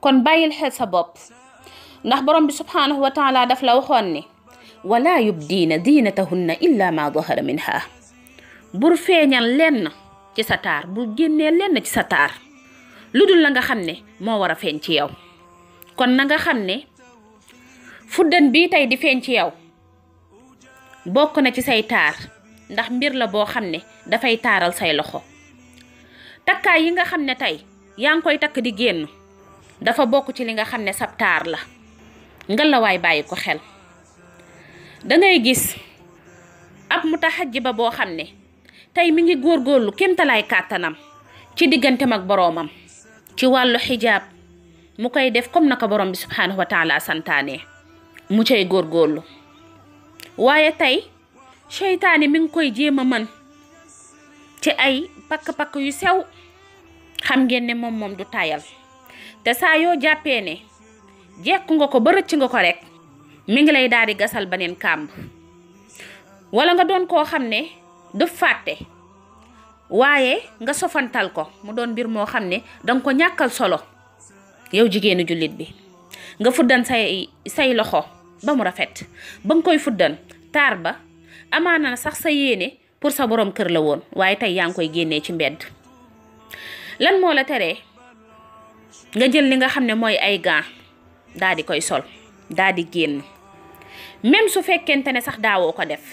kon bàyyil xel sa bopp ndax borom bi subhaanahu wa taala daf la waxoon ni wala yubdiina diinatahunna illa ma dahara minha bur feeñal lenn ci sa taar bul génnee lenn ci sa taar lu dul la nga xam ne moo war a feeñ ci yow kon na nga xam ne fuddan bi tey di feeñ ci yow bokk na ci say taar ndax mbir la boo xam ne dafay taaral say loxo takkaay yi nga xam ne tey yaa ngi koy takk di génn dafa bokk ci li nga xam ne sab taar la ngalawaay bàyyi ko xel dangay gis ab mutaxajiba boo xam ne tey mi ngi góorgóorlu kémtalaay kàttanam ci diggante ak boroomam ci wàllu xijaab mu koy def comme naka borom bi subhaanahu wa taala santaane mu cay góorgóorlu waaye tey seytaane mi ngi koy jéem a mën ci ay pakk-pakk yu sew xam ngeen ne moom moom du tayal te saa yoo jàppee ne jekku nga ko ba rëcc nga ko rekk mi ngi lay daal di gasal beneen kàmb wala nga doon koo xam ne du fàtte waaye nga sofantal ko mu doon mbir moo xam ne danga ko ñàkkal solo yow jigéenu jullit bi nga fuddan say say loxo ba mu rafet ba nga koy fuddan taar ba amaana sax sa yéene pour sa borom kër la woon waaye tey yaa ngi koy génnee ci mbedd lan moo la teree nga jël li nga xam ne mooy ay gants daal di koy sol daal di génn même su fekkente ne sax daawoo ko def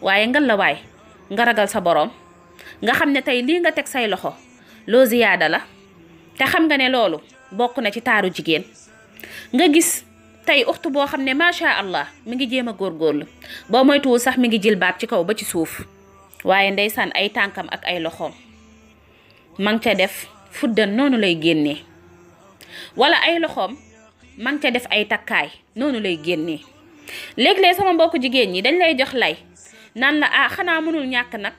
waaye ngal la waay nga ragal sa boroom nga xam ne tey lii nga teg say loxo loo ziyaada la te xam nga ne loolu bokk na ci taaru jigéen nga gis tey uxtu boo xam ne macha allah mi ngi jéem a góorgóorlu boo moytuwul sax mi ngi jilbaab ci kaw ba ci suuf waaye ndeysaan ay tànkam ak ay loxoom ma ngi ca def fuddan noonu lay génnee. wala ay loxoom man ca def ay takkaay noonu lay génnee léeg-léeg sama mbokku jigéen ñi dañ lay jox lay naan la ah xanaa mënul ñàkk nag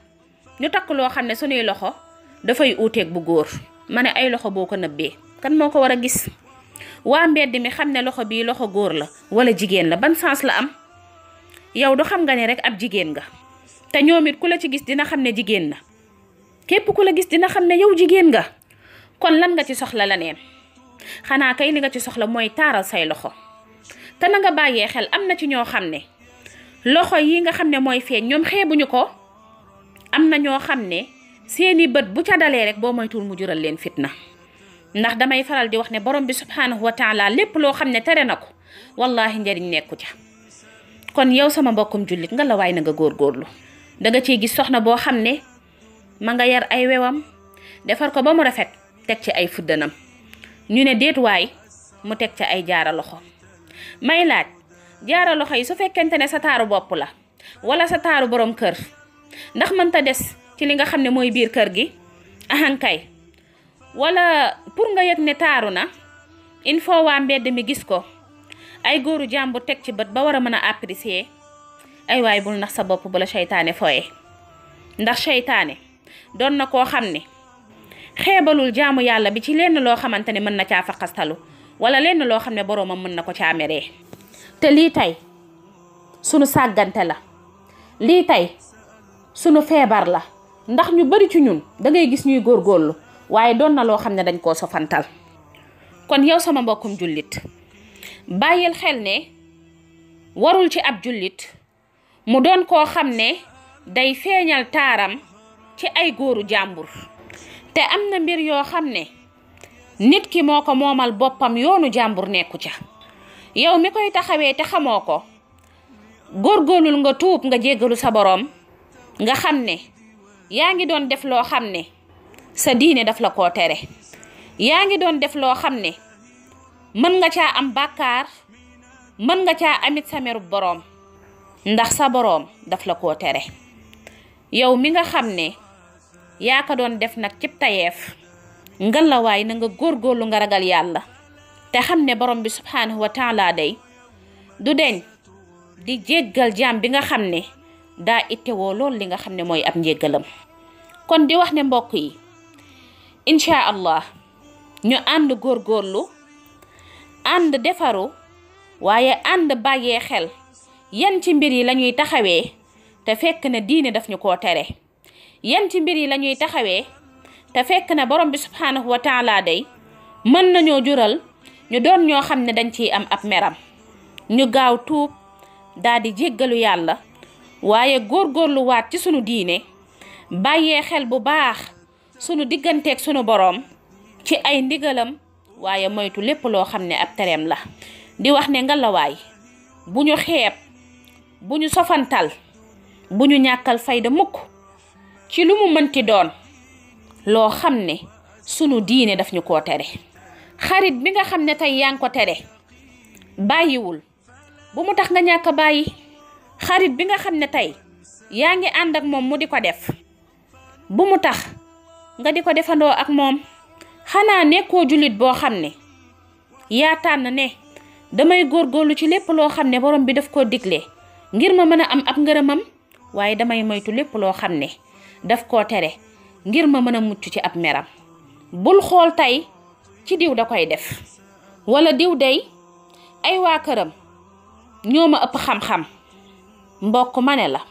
ñu takk loo xam ne sunuy loxo dafay uuteeg bu góor ma ne ay loxo boo ko nëbbee kan moo ko war a gis waa mbedd mi xam ne loxo bii loxo góor la wala jigéen la ban sens la am yow du xam nga ne rek ab jigéen nga te ñoom it ku la ci gis dina xam ne jigéen na képp ku la gis dina xam ne yow jigéen nga kon lan nga ci soxla leneen xanaa kay li nga ci soxla mooy taaral say loxo te na nga bàyyee xel am na ci ñoo xam ne loxo yi nga xam ne mooy feeñ ñoom xeebuñu ko am na ñoo xam ne seeni bët bu ca dalee rek boo moytuwul mu jural leen fitna ndax damay faral di wax ne borom bi subhaanahu wa taala lépp loo xam ne tere na ko wallaahi njariñ nekku ca kon yow sama mbokkum jullit nga la waay na nga góor góorlu danga cee gis soxna boo xam ne ma nga yar ay wewam defar ko ba mu rafet teg ci ay fuddanam ñu ne déet waay mu teg ca ay jaara loxo may laaj jaara loxo yi su fekkente ne sa taaru bopp la wala sa taaru boroom kër ndax mënta des ci li nga xam ne mooy biir kër gi ahankay walla pour nga yëg ne taaru na il faut waa mbedd mi gis ko ay góoru jàmbur teg ci bët ba war a mën a apprécier ay waay bul nax sa bopp bu la seytaane foye ndax seytaane doon na koo xam ne xeebalul jaamu yàlla bi ci lenn loo xamante ne mën na caa faqastalu wala lenn loo xam ne boroomam mën na ko caa meree te lii tey sunu sàggante la lii tey sunu feebar la ndax ñu bari ci ñun dangay gis ñuy góor góorgóorlu waaye doon na loo xam ne dañ koo sofantal kon yow sama mbokkum jullit bàyyil xel ne warul ci ab jullit mu doon koo xam ne day feeñal taaram ci ay góoru jàmbur te am na mbir yoo xam ne nit ki moo ko moomal boppam yoonu jàmbur nekku ca yow mi koy taxawee te xamoo ko góorgóorlul nga tuub nga jéggalu sa boroom nga xam ne yaa ngi doon def loo xam ne sa diine daf la koo tere yaa ngi doon def loo xam ne mën nga caa am bàkkaar mën nga caa amit sa merub boroom ndax sa boroom daf la ko tere yow mi nga xam ne yaa ko doon def nag cib tayeef ngalawaay na nga góorlu nga ragal yàlla te xam ne borom bi subhaanahu wa taala du deñ di jéggal jaam bi nga xam ne daa ittewoo loolu li nga xam ne mooy ab njéggalam kon di wax ne mbokk yi incha allah ñu ànd góor góorlu ànd defaru waaye ànd bàyyee xel yan ci mbir yi lañuy taxawee te fekk ne diine daf ñu ko tere yan ci mbir yi lañuy taxawee te fekk na borom bi subhaanahu wa mën nañoo jural ñu doon ñoo xam ne dañ ciy am ab meram ñu gaaw tuub daldi di jéggalu yàlla waaye góorgóorlu waat ci sunu diine bàyyee xel bu baax sunu digganteek sunu boroom ci ay ndigalam waaye moytu lépp loo xam ne ab tereem la di wax ne ngalawaay bu ñu xeeb bu ñu sofantal bu ñu ñàkkal fayda mukk ci lu mu mënti doon loo xam ne sunu diine daf ñu koo tere xarit bi nga xam ne tey yaa ngi ko tere bàyyiwul bu tax nga ñàkk bàyyi xarit bi nga xam ne tey yaa ngi ànd ak moom mu di ko def bu mu tax nga di ko defandoo ak moom xanaa nekkoo julit boo xam ne yaa tànn ne damay góor góorlu ci lépp loo xam ne boroom bi daf koo digle ngir ma mën a am ab ngërëmam waaye damay moytu lépp loo xam ne daf ko tere ngir ma mën a mucc ci ab meram bul xool tey ci diw da koy def wala diw day ay waa këram ñoo ma ëpp xam-xam mbokk ma ne la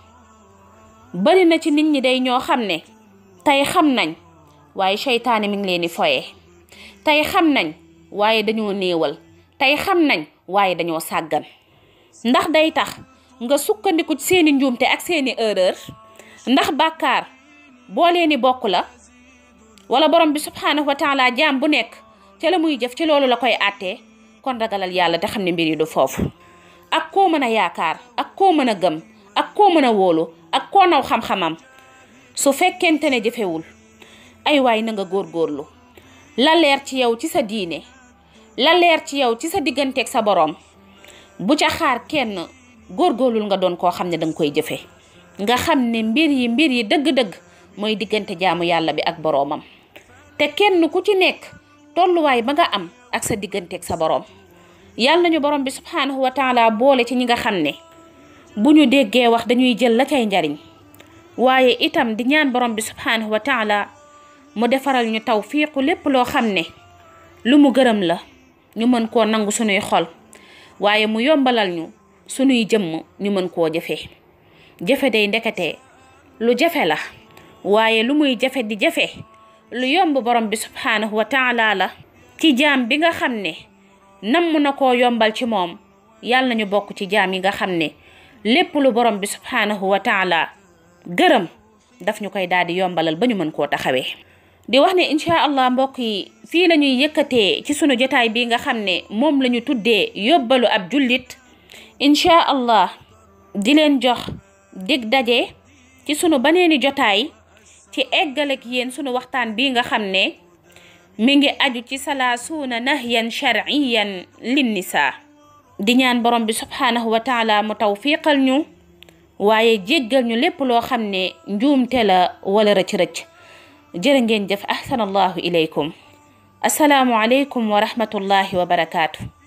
bari na ci nit ñi day ñoo xam ne tey xam nañ waaye seytaane mi ngi leen di foye tey xam nañ waaye dañoo néewal tey xam nañ waaye dañoo sàggan ndax day tax nga sukkandiku seeni njuumte ak seeni erreur ndax bàkkaar boo leen ni bokk la wala borom bi subhaanahu wa taala jaam bu nekk ca la muy jëf ci loolu la koy àttee kon ragalal yàlla te xam ne mbir yi du foofu ak koo mën a yaakaar ak koo mën a gëm ak koo mën a wóolu ak koo naw su fekkente ne jëfewul ay waay na nga góorgóorlu la leer ci yow ci sa diine la leer ci yow ci sa digganteeg sa borom bu ca xaar kenn góorgóorlul nga doon koo xam ne danga koy jëfe nga xam ne mbir yi mbir yi dëgg-dëgg mooy diggante jaamu yàlla bi ak boroomam te kenn ku ci nekk tolluwaay ba nga am ak sa digganteeg sa boroom yàlla nañu borom bi subhaanahu wa taala boole ci ñi nga xam ne bu ñu déggee wax dañuy jël la cay njariñ waaye itam di ñaan borom bi subhaanahu wa taala mu defaral ñu tawfiiqu lépp loo xam ne lu mu gërëm la ñu mën koo nangu sunuy xol waaye mu yombalal ñu sunuy jëmm ñu mën koo jëfe jëfe day ndekete lu jafe la waaye lu muy jafe di jafe lu yomb borom bi subhaanahu wa la ci jaam bi nga xam ne namm na koo yombal ci moom yàlla nañu bokk ci jaam yi nga xam ne lépp lu borom bi subhaanahu wa gërëm daf ñu koy daal di yombalal ba ñu mën koo taxawee di wax ne incha allah mbokk yi fii la ñuy yëkkatee ci sunu jotaay bi nga xam ne moom la ñu tuddee yóbbalu ab jullit incha allah di leen jox dig daje ci sunu baneeni jotaay ci eggal ak yéen sunu waxtaan bii nga xam ne mi ngi aju ci salaasuuna nahyan shar'iyan linnisaa di ñaan borom bi subhaanahu wa taala mu tawfiqal ñu waaye jéggal ñu lépp loo xam ne njuumte la wala rëcc-rëcc jërë ngeen jëf ahsanallahu ilaykum asalaamu aleykum wa rahmatullahi wa